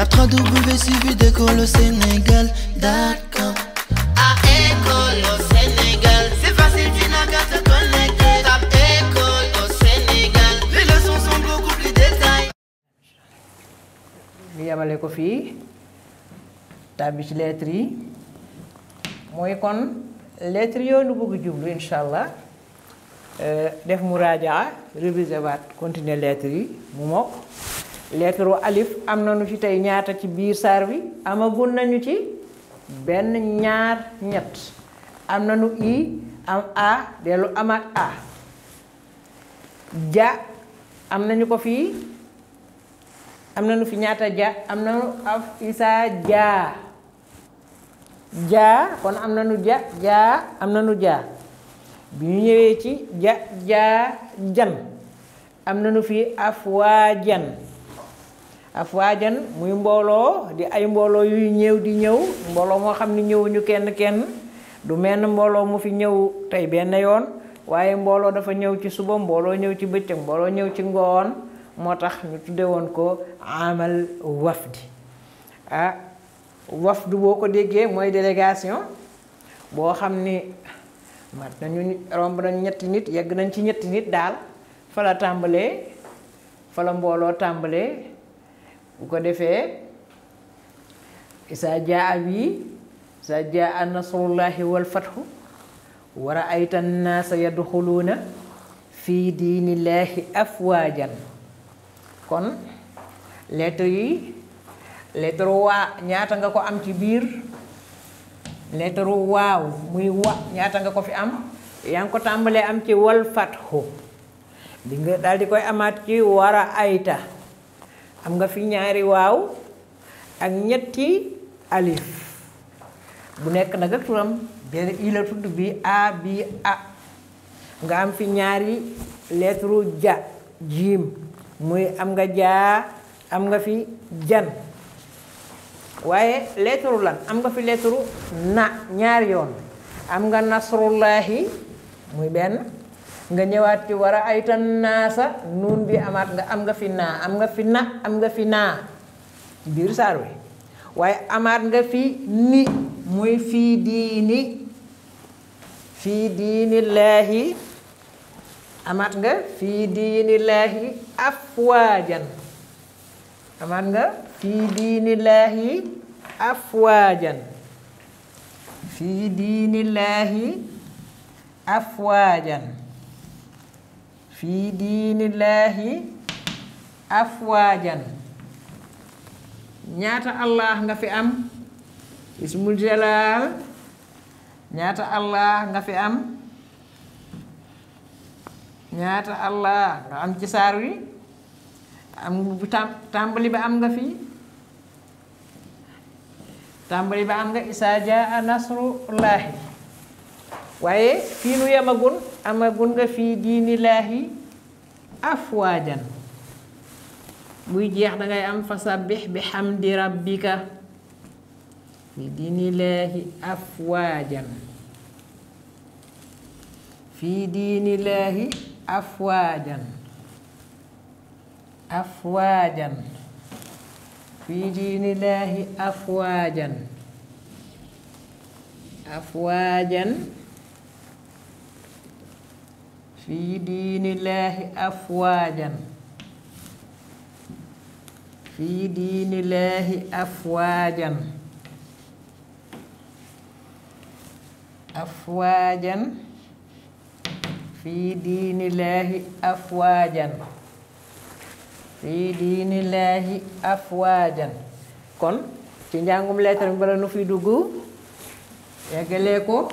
Tape 3 d'école au Sénégal D'accord À école e au Sénégal C'est facile, tu n'as qu'à te école e au Sénégal Les leçons sont beaucoup plus détaillées Je kon euh, def réviser continuer lettre alif amna nu ci tay ñaata ci biir sar wi amagul nañu ci ben ñaar ñet amna nu i am a dellu amaat a ja amna ñu ko fi amna nu fi ñaata ja amna nu af isa ja ja kon amna nu ja ja amna nu ja bi ñu ñewé ci ja ja jan amna nu fi afwaajan afwajan muy mbolo di ay mbolo yu ñew di ñew mbolo mo xamni ni ñëwuñu kenn kenn du menn mbolo mu fi ñew tay ben yoon waye mbolo dafa ñew ci suba mbolo ñew ci becc mbolo ñew ci ngoon motax ñu tudde won ko amal wafdi ah wafdu boko ko moy mooy délégation boo xam ni mat nañu romb nañ ñetti nit yegg nañ ci ñetti nit dal fa la tambalé fa la mbolo tambalé bu e. ko defee isa jaa bi sa jaa nasrullahi wal fathu wa raayta annaasa yadkhuluna fi diinillahi afwajan kon lettre yi lettre wa ñaata nga ko am ci bir lettre wa muy wa ñaata nga ko fi am yang ko tambale am ci wal fathu di nga daal di koy amat ci wara ayta am nga fi ñaari waw ak ñetti alif bu nek nak ak turam ben i tudd bi a bi a nga am fi ñaari lettre ja jim muy am nga ja am nga fi jan waye lettre lan am nga fi lettre na ñaar yoon am nga nasrullahi muy ben nga ñëwaat ci wara ay tan naasa nuun bi amaat nga am nga fi naa am nga fi na am nga fi naa biir saar wi waaye amaat nga fi ni muy fii diini fii laahi amaat nga fii laahi afwaajan amaat nga fii laahi afwaajan fii laahi afwaajan fi dinillahi afwajan nyata allah nga fi am ismul jalal allah nga fi am nyata allah nga am ci sar wi am tambali ba am nga fi tambali ba am nga isa jaa waye ya fi nu yamagun amagun nga fi dinillahi afwajan. muy jeex da ngay am fasabbih bi hamdi rabbika fi dinillahi afwajan. fi dinillahi afwajan, afwajan. fi afwajan afwajan, afwajan fi dinillahi afwajan fi dinillahi afwajan afwajan fi dinillahi afwajan fi dinillahi afwajan kon ci njangum lettre ngi bala nu fi duggu yagale ko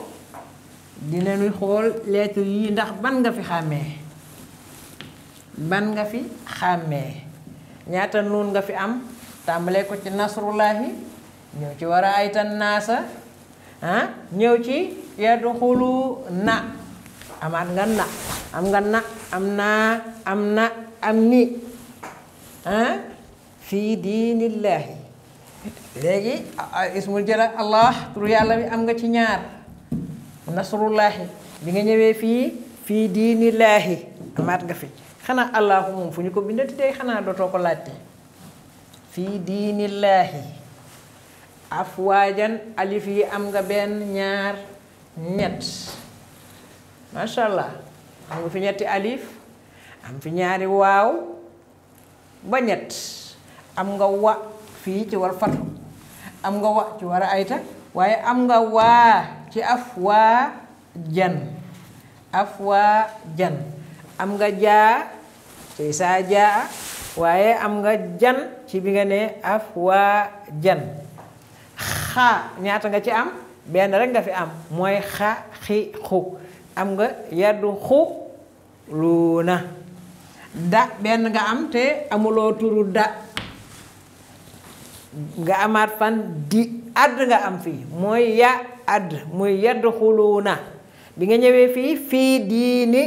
dinañu xool lettre yi ndax ban nga fi xàmmee ban nga fi xàmmee ñaata nuun nga fi am tàmbalee ko ci nasrullahi ñëw ci war a aytan naasa ah ñëw ci yadu na amaat nga na am nga na am naa am na am ni ah fii diinillahi léegi ismul jëla allah tur yàlla bi am nga ci ñaar nasrullahi bi nga ñëwee fi fi dinillahi amat nga fi xana allah moom fu ñu ko bindati day xana doto ko laajte fi dinillahi afwajan alif yi am nga ben ñaar ñett macha allah am fi ñetti alif am fi ñaari waaw ba ñet am nga wa fi ci war fatu am nga wa ci war ay tak waye am nga wa ci afwa jan afwa jan am nga ja ci saa jaa am nga jan ci bi nga ne afwa jan kha nyata nga ci am ben rek nga fi am moy kha khi khu am nga yadu luna, luna da ben nga am te amulo turu da nga amat fan di ad nga am fi moy ya ad moy yadkhuluna bi nga ñewé fi fi dini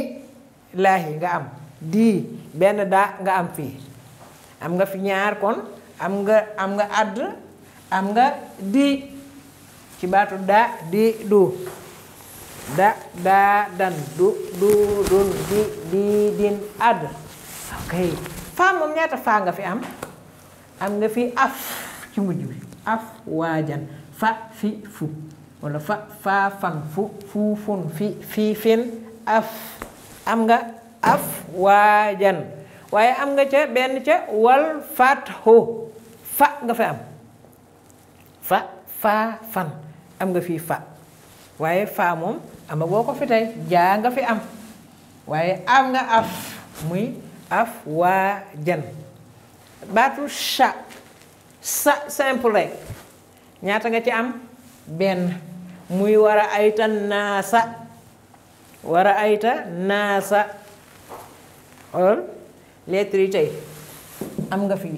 lahi nga am di ben da nga am fi am nga fi ñaar kon am nga am nga ad am nga di ci baatu da di du da da dan du du dun di di din ad ok fa mom ñata fa nga fi am am nga fi af ci mujju af wajan fa fi fu wala fa fa fan fu fu fun fi fi fin af am nga wajan waaye am nga ca benn ca wal fathu fa nga fa am fa fa fan am nga fii fa waaye fa moom am boo ko fi tey jaa nga fi am waaye am nga af muy wajan baatu sha sa simple rek ñaata nga ci am ben muy wara ayta nasa wara ayta nasa xoolal lettre tay am nga fi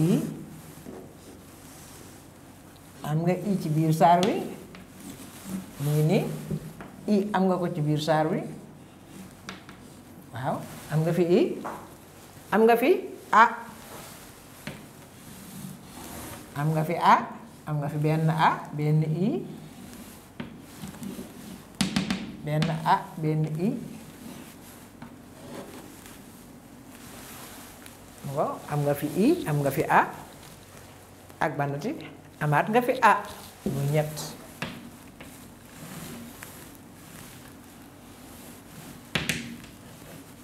i am nga i ci bir sar wi i am nga ko ci bir sar wi waaw am nga fi i am nga fi a ah am nga fi a am nga fi ben a ben i ben a ben i ngo am nga fi i am nga fi a ak banati amat nga fi a mu ñet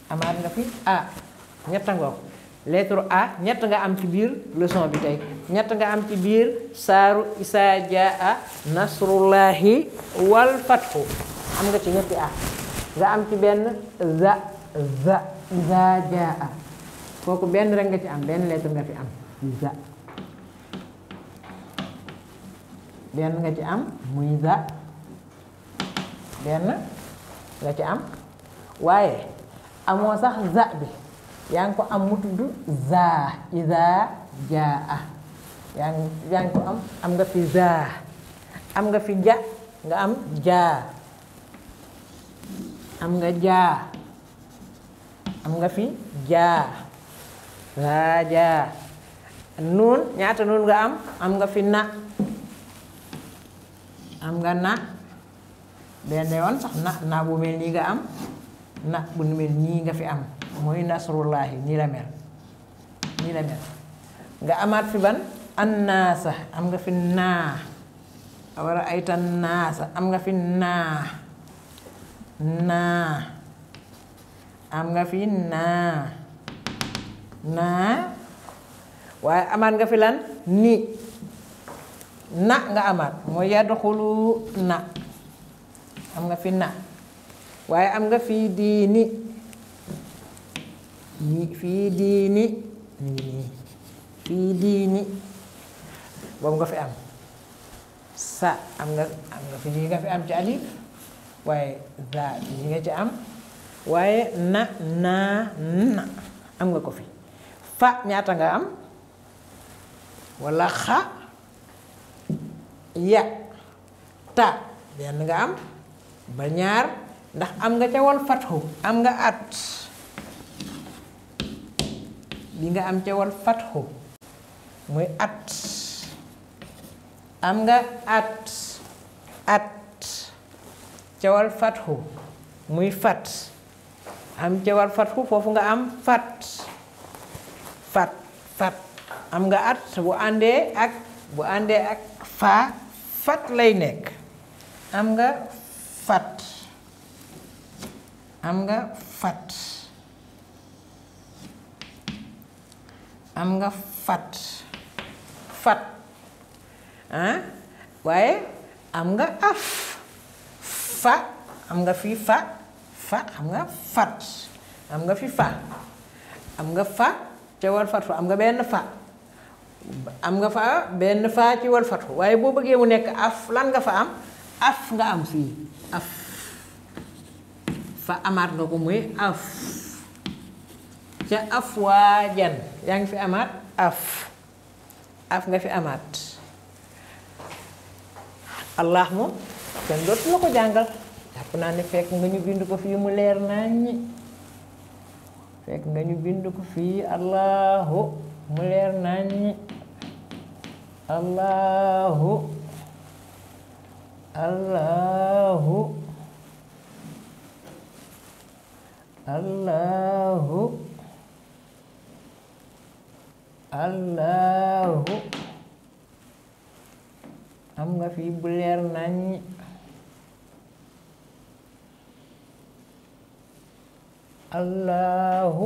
amat nga fi a ñet ngoog lettre a ñet nga am ci bir leçon bi tay ñett nga am ci bir saru isa jaa ah, nasrullahi wal fathu am nga ci ñetti a ah. nga am ci ben za za za jaa ah. kooku ben rek nga ci am ben lettre nga fi am za ben nga ci am muy za ben nga ci am waye amo sax za bi yang ko am mutudu za iza jaa yang yang am am nga fi za am nga fi ja nga am ja am nga ja am nga fi ja laa ja nun nyaata nun nga am am nga fi na am nga na benn won sax na na bu mel ni nga am na bu mel ni nga fi am moy nasrullahi ni la mel ni la mel nga amat fi ban annasa am nga fi na awara ayta nasa am nga fi na, na am nga fi na na waaye aman nga fi lan ni na nga amat, mo yadkhulu na am nga fi na waaye am nga ni ni, dini ni, fi dini واو nga fi am sa am nga am nga fi nga fi am ci alif waaye za ji nga ci am na na na am nga ko fi fa ñaata nga am wala kha ya ta ben nga am ba ñaar ndax am nga ci wal fathu am nga at bi nga am ci wal fathu moy at am nga at at cawal fatxu muy fat am cawal fatxu foofu nga am fat fat fat am nga at bu àndee ak bu àndee ak faa fat lay nekk am nga fat am nga fat am nga fat fat waaye am nga af fa am nga fi fa fa am nga fat am nga fi fa am nga fa ca wal fatu am nga benn fa am nga fa benn fa ci wal fatu waaye boo bëggee mu nekk af lan nga fa am af nga am fii af fa amaat nga ko muy af ca af waajan yaa ngi fi amaat af af nga fi amaat allah mo ken dootu la ko jangal japp na ne fek nga ñu bindu ko fi mu leer fek nga ñu bindu ko fi allahu mu leer allahu allahu allahu allahu kamu gak fibler nanya. Allahu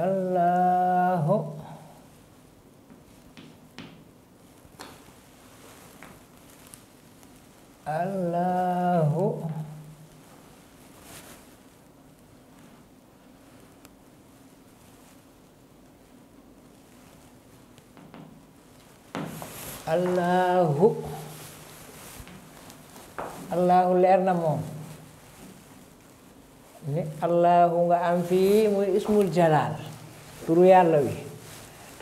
Allahu Allah allahu allahu leer na moom ni allahu nga am fii muy ismul jalaal turu yàlla wi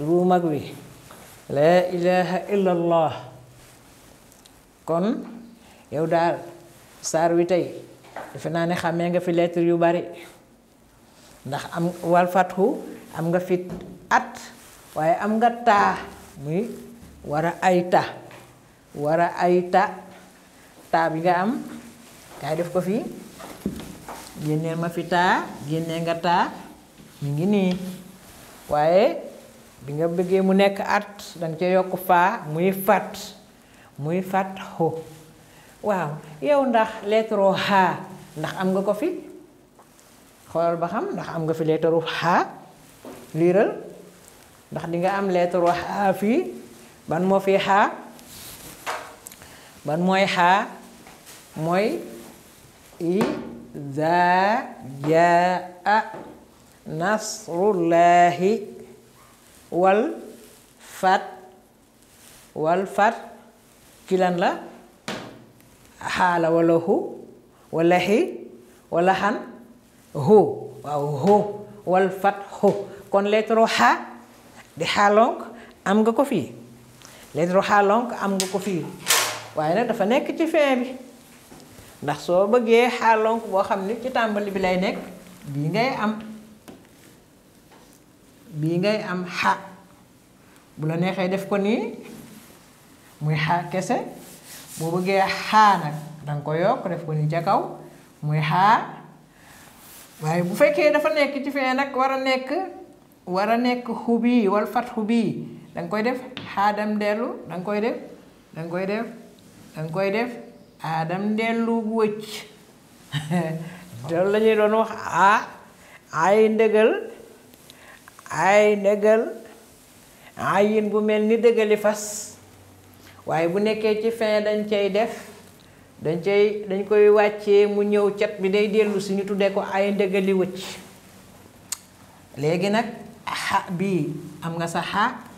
turu mag wi laa ilaha illa kon yow daal saar wi tey defe naa ne xàmmee nga fi lettre yu bari ndax am wal fatxu am nga fi at waaye am nga taa muy wara aita, wara aita, ta bi nga am kay def ko fi génneel ma fi ta génnee nga ta mi ngi ni waye bi nga bëggee mu nekk at dang ci yok fa muy fat muy fat ho waaw yow iya ndax lettre ha ndax am nga ko fi xoolal ba xam ndax am nga fi lettre ha liral ndax di nga am lettre ha fi ban moo fi xaa ban mooy xaa mooy إذا جاء نصر الله والفتح والفتح كلان لا حال ولا هو ولا هي ولا هن هو أو هو والفتح هو كون لترو حا دي حالونك أم كوفي lettre halong am nga ko fi waaye dafa nek ci fin bi ndax so beugé xaalonk boo xam ci tambali bi lay nekk bi ngay am bi ngay am ha bu la nexé def ko ni muy ha kese bo beugé ha nak, dang ko yok def ko ni ci kaw muy ha waaye bu fekké dafa nek ci fin nak wara nek wara nek wal bi dang koy def Adam delu dang koy def dang koy def dang koy def adam delu wëcc dal la ñuy doon wax a ay ndegal ay ndëgal ayin bu melni ni fas waye bu nekké ci fin dañ cey def dañ cey dañ koy wàccee mu ñew ciat bi day delu suñu tuddé ko ay ndegali wëcc légui nak ha bi am nga sa ha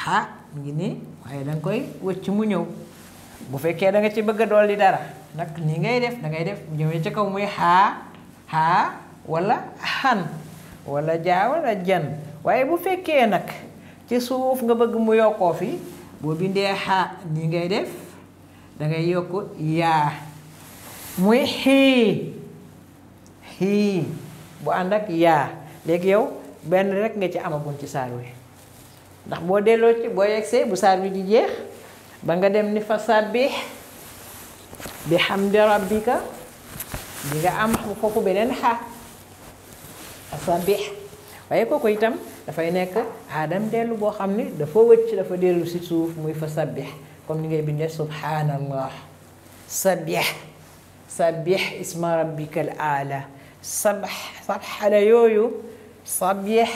ha ngini ngi dang koi koy wëcc mu ñew bu fekke da nga ci bëgg dool di dara nak ni ngay def da ngay def ñew ci kaw muy ha ha wala han, wala ja wala jan waaye bu fekke nak ci suuf nga bëgg mu yoko fi bo bindé ya ha ni ngay def da ngay yoko ya muy hi hi bu andak ya, legi yow ben rek nga ci amagun ci ndax boo delloo ci boo yegsee bu saar bi di jeex ba nga dem ni fa sabbih bi hamdi rabbika di nga am foofu beneen xaa sabbih waaye kooku itam dafay nekk aadam dellu boo xam ni dafa wëcc dafa dellu ci suuf muy fa sabbih comme ni ngay bindee subhanallah sabbih sabbih isma rabbikal aala sabax sabaxale yooyu sabbih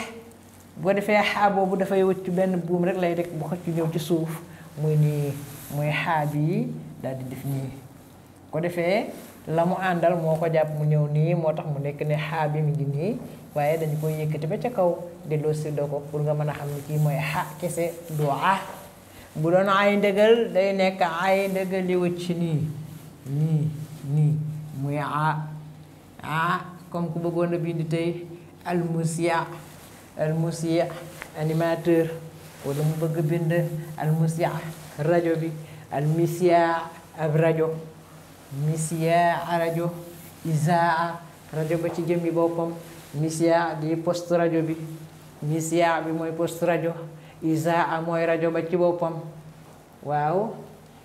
boo defee xaa boobu dafay wëcc benn buum rek lay rek bu xëcc ñëw ci suuf muy nii muy xaa yi daal def nii ko defee la mu àndal moo ko jàpp mu ñëw nii moo tax mu nekk ne xaab bi mu ngi nii waaye dañu koy yëkkati ba ca kaw delloo si doo ko pour nga mën a xam ne kii mooy xa kese du ah bu doon ay ndëgal day nekk ay ndëgal li wëcc nii nii nii muy a ah comme ku bëggoon a bind tey almusia almusiya animateur wala mu bëgg bind almusiya rajo bi almisiya ab rajo misiya rajo isaa rajo ba ci jëmmi boppam misia di post rajo bi misia bi mooy post rajo isaa mooy rajo ba ci boppam waaw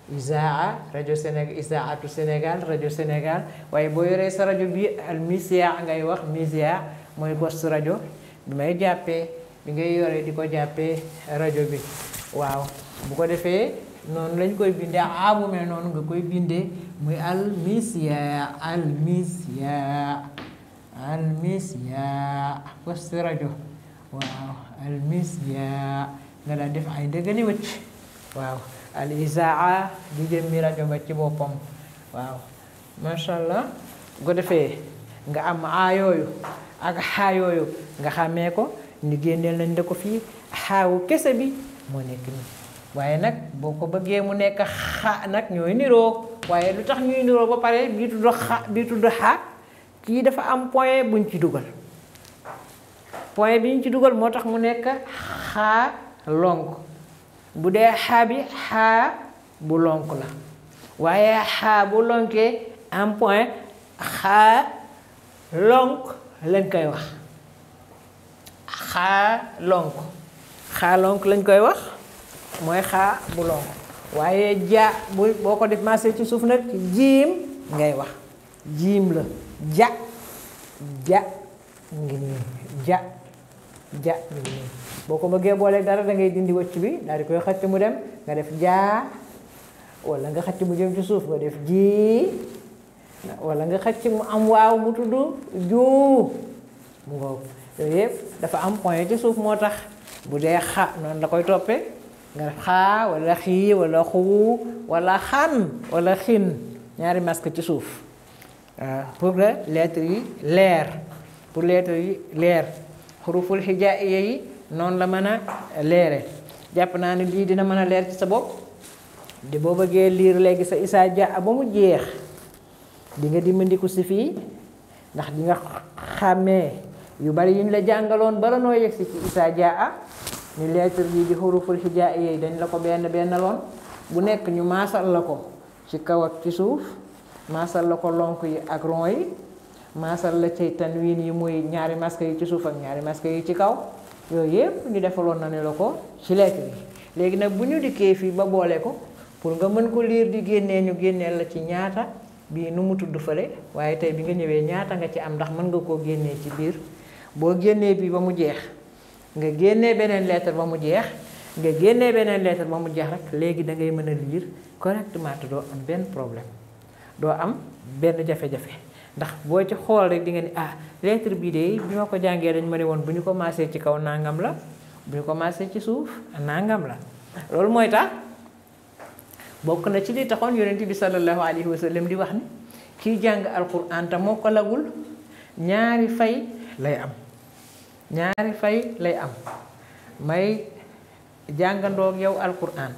isaa rajo Sénégal isaatu Sénégal rajo Sénégal waaye boo yoree sa rajo bi al misia ngay wax misia mooy post rajo bi may jàppee bi ngay yore di ko jàppee rajo bi waaw bu ko defee noonu lañ koy bindee aabu ah, noonu nga koy bindee muy àll almisia almisia poste rajo waaw almisia nga daan def ay dëggani wëcc waaw al isaa di jëmmi rajo ba ci boppam waaw macha allah bu ko defee nga am aayooyu ak hayo yo, nga xame ko ni gennel nañ de ko fi hawo kese bi mo nek ni waye nak boko beugé mu nek xa nak ñoy niro waye lutax ñuy niro ba pare bi tudd ha bi tudd ha ki dafa am point buñ ci dugal point biñ ci dugal motax mu nek xaa long bu dee ha bi ha bu long la waye ha bu longé am point xaa long. lañ koy wax xaa lonk xaa lonk lañ koy wax mooy xaa bu lonk waaye ja bu boo ko def maasee ci suuf nag jiim ngay wax jiim la ja ja ngi nii ja boo ko bëggee boolee dara dangay ngay dindi wëcc bi daal di koy xëcc mu dem nga def jaa walla nga xëcc mu jëm ci suuf nga def ji wala nga xacc mu am waaw mu tuddu juu mu ngoog yooyu yëpp dafa am point ci suuf moo tax bu dee xa noonu la koy toppe nga def xaa wala xii wala xuu wala xan wala xin ñaari masque ci suuf pour la lettre yi leer pour lettre yi leer xuruful xijaiya yi noonu la mën a leere jàpp naa lii dina mën a leer ci sa bopp di boo bëggee lire léegi sa isaa ja ba mu jeex di nga dimandiku si fii ndax di nga xàmmee yu bari yuñ la jangalon bala noo yegg si ci isa jaa ni lettre yi di huruful xijaa yi dañ la ko ben ben lon bu nek ñu maasal la ko ci kaw ak ci suuf maasal la ko lonk yi ak ron yi maasal la ci tanwin yi muy ñaari masque yi ci suuf ak ñaari masque yi ci kaw yooyu ñu defalon na la ko ci lettre yi legi nak bu ñu dikkee ba ko pour nga mën ko liir di génné ñu génné la ci ñaata bii nu mu tudd fële waaye tey bi nga ñëwee ñaata nga ci am ndax mën nga koo génnee ci biir boo génnee bii ba mu jeex nga génnee beneen lettre ba mu jeex nga génnee beneen lettre ba mu jeex rek léegi da ngay mën a lire correctement te doo am benn problème doo am benn jafe-jafe ndax boo ci xool rek di nga ni ah lettre bii de bi ma ko jàngee dañ ma ne woon bu ñu commencé ci kaw nangam la bu ñu commencé ci suuf nangam la loolu mooy tax. bokk na ci li taxone yaronte bi sallallahu alayhi wa sallam di wax ni ki jang alquran ta moko lagul ñaari fay lay am ñaari fay lay am may ak yow alquran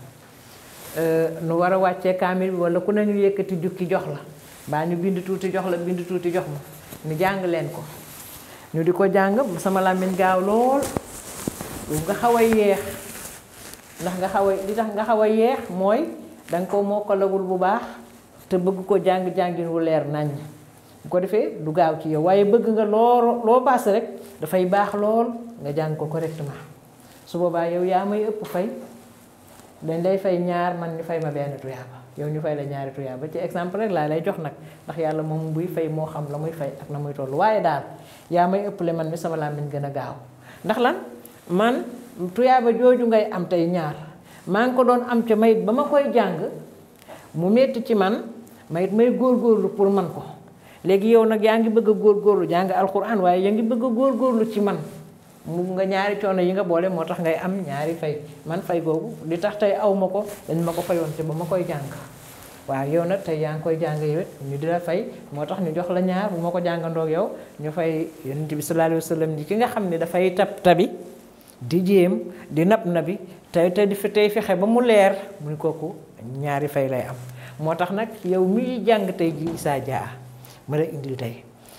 nu wara a kamil wala ku nañu yekati jukki jox la ba ñu bind tuuti jox la bind tuuti jox ma ni jang len ko ñu di jang sama làmmiñ gaaw lol nga xaway yeex ndax nga xaway li tax nga xaway yeex moy da nga ko mokkalagul bu baax te bëgg ko jàng jàngin wu leer nañ bu ko defee du gaaw ci yow waaye bëgg nga loo loo paase rek dafay baax lool nga jàng ko correctement su boobaa yow yaa may ëpp fay dañ lay fay ñaar man ñu fay ma benn tuyaaba yow ñu fay la ñaari tuyaaba ci exemple rek laa lay jox nag ndax yàlla moom buy fay moo xam la muy fay ak na muy toll waaye daal yaa may ëpple man mi sama làmmiñ gën a gaaw ndax lan man tuyaaba jooju ngay am tey ñaar. maa ngi ko doon am ca mayit ba ma koy jàng mu metti ci man mayit may góorlu pour man ko léegi yow nag yaa ngi bëgg góor góorgóorlu jàng alxuraan waaye yaa ngi bëgg a góorgóorlu ci man mu nga ñaari coono yi nga boole moo tax ngay am ñaari fay man fay googu li tax tey aw ko dañ ma ko fayoon te ba ma koy jàng waaw yow na tey yaa ngi koy jàng yow ñu di la fay moo tax ñu jox la ñaar bu ma ko jàngandoo yow ñu fay yonent bi sallallahu alayhi wa sallam ki nga xam ne dafay tab tabi di jéem di nab bi te te di tey fexe ba mu leer muy ni kooku ñaari fay lay am moo tax nag yow muy jàng tey ji saa jaa ma la indil tey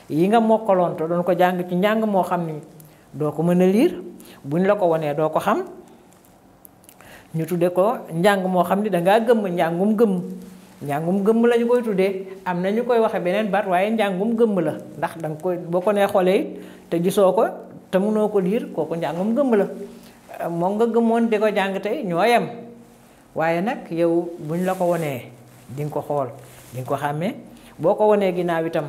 yi nga mokkaloon te doon ko jàng ci njàng moo xam ni doo ko mën a liir ñu la ko wanee doo ko xam ñu tudde ko njàng moo xam ni dangaa gëmm njàngum gëmm njàngum gëmm lañu koy tuddee am na ñu koy waxe beneen baat waaye njàngum gëmm la ndax danga koy boo ko nee xoolee it te gisoo ko te mënoo ko liir kooku njàngum gëmm la moom nga gëmmoon di ko jàng tey ñoo yem waaye nag yow buñ la ko wonee di nga ko xool di ko xàmmee boo ko wonee ginnaaw itam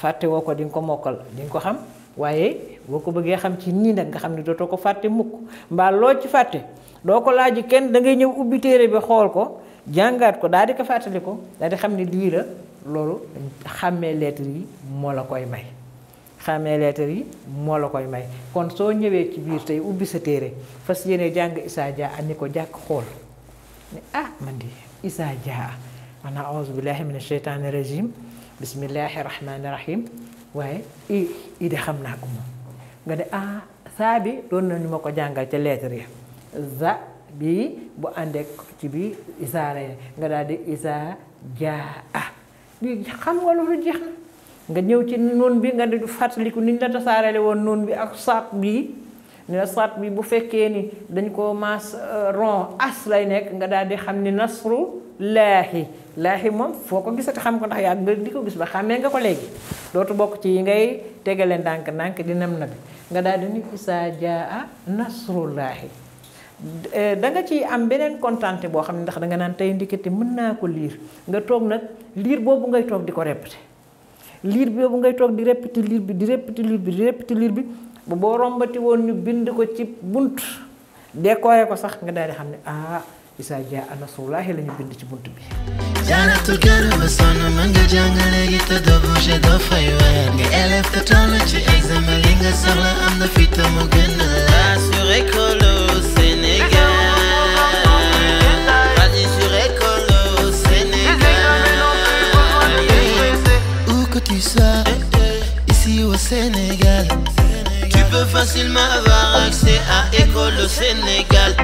fàtte woo ko di nga ko mokkal di ko xam waaye boo ko bëggee xam ci nii nag nga xam ne dootoo ko fàtte mukk mbaa loo ci fàtte doo ko laaj kenn da ngay ñëw ubbi téere bi xool ko jàngaat ko daal di ko fàttali ko daal di xam ne lii loolu xàmmee lettre yi moo la koy may xamee leetar yi mo la koy may kon so ñëwé ci biir tay ubbi sa téré fas yéné jang isa jaa ni ko jak xol ah man di isa jaa ana auz billahi min asheytaani rajim bismillahir rahmanir rahim way i i de xamna ko mo nga ne ah sabi bi na nañu ma ko jàngal ya. za bi bu andé ci bi isaa nga dal di isa jaa ah bi xam nga lu jeex na nga ñew ci nuun bi nga ne du fàttaliku niñ la tasaarele won nuun bi ak saq bi ni la saq bi bu fekkee ni dañ ko mas euh, ron as lay nek nga daal di xam ni nasru lahi lahi mom foko gisat xam ko ndax ya nga diko ko gis ba xàmmee nga ko léegi dootu bok ci ngay tegale ndànk ndànk di nam na nga daal di ni isaa jaa lahi euh, da nga ci am benen contenté bo xamni ndax da nga nan tay mën ko lire nga tok nak lire bobu ngay tok di répéter liir bi boobu ngay toog di répéter liir bi di répéter liir bi di répéter liir bi bu boo rombati woon ñu bind ko ci bunt décoré ko sax nga daal di xam ne ah Issa Dia anasuulaahi la bind ci bunt bi jaaratu kër ba sonn mën nga jàng léegi te doo bouger doo fay weer nga élève te toll ci examen li nga soxla am na fi te gën a la Tu sois Ici au Sénégal Tu peux facilement avoir accès à école au Sénégal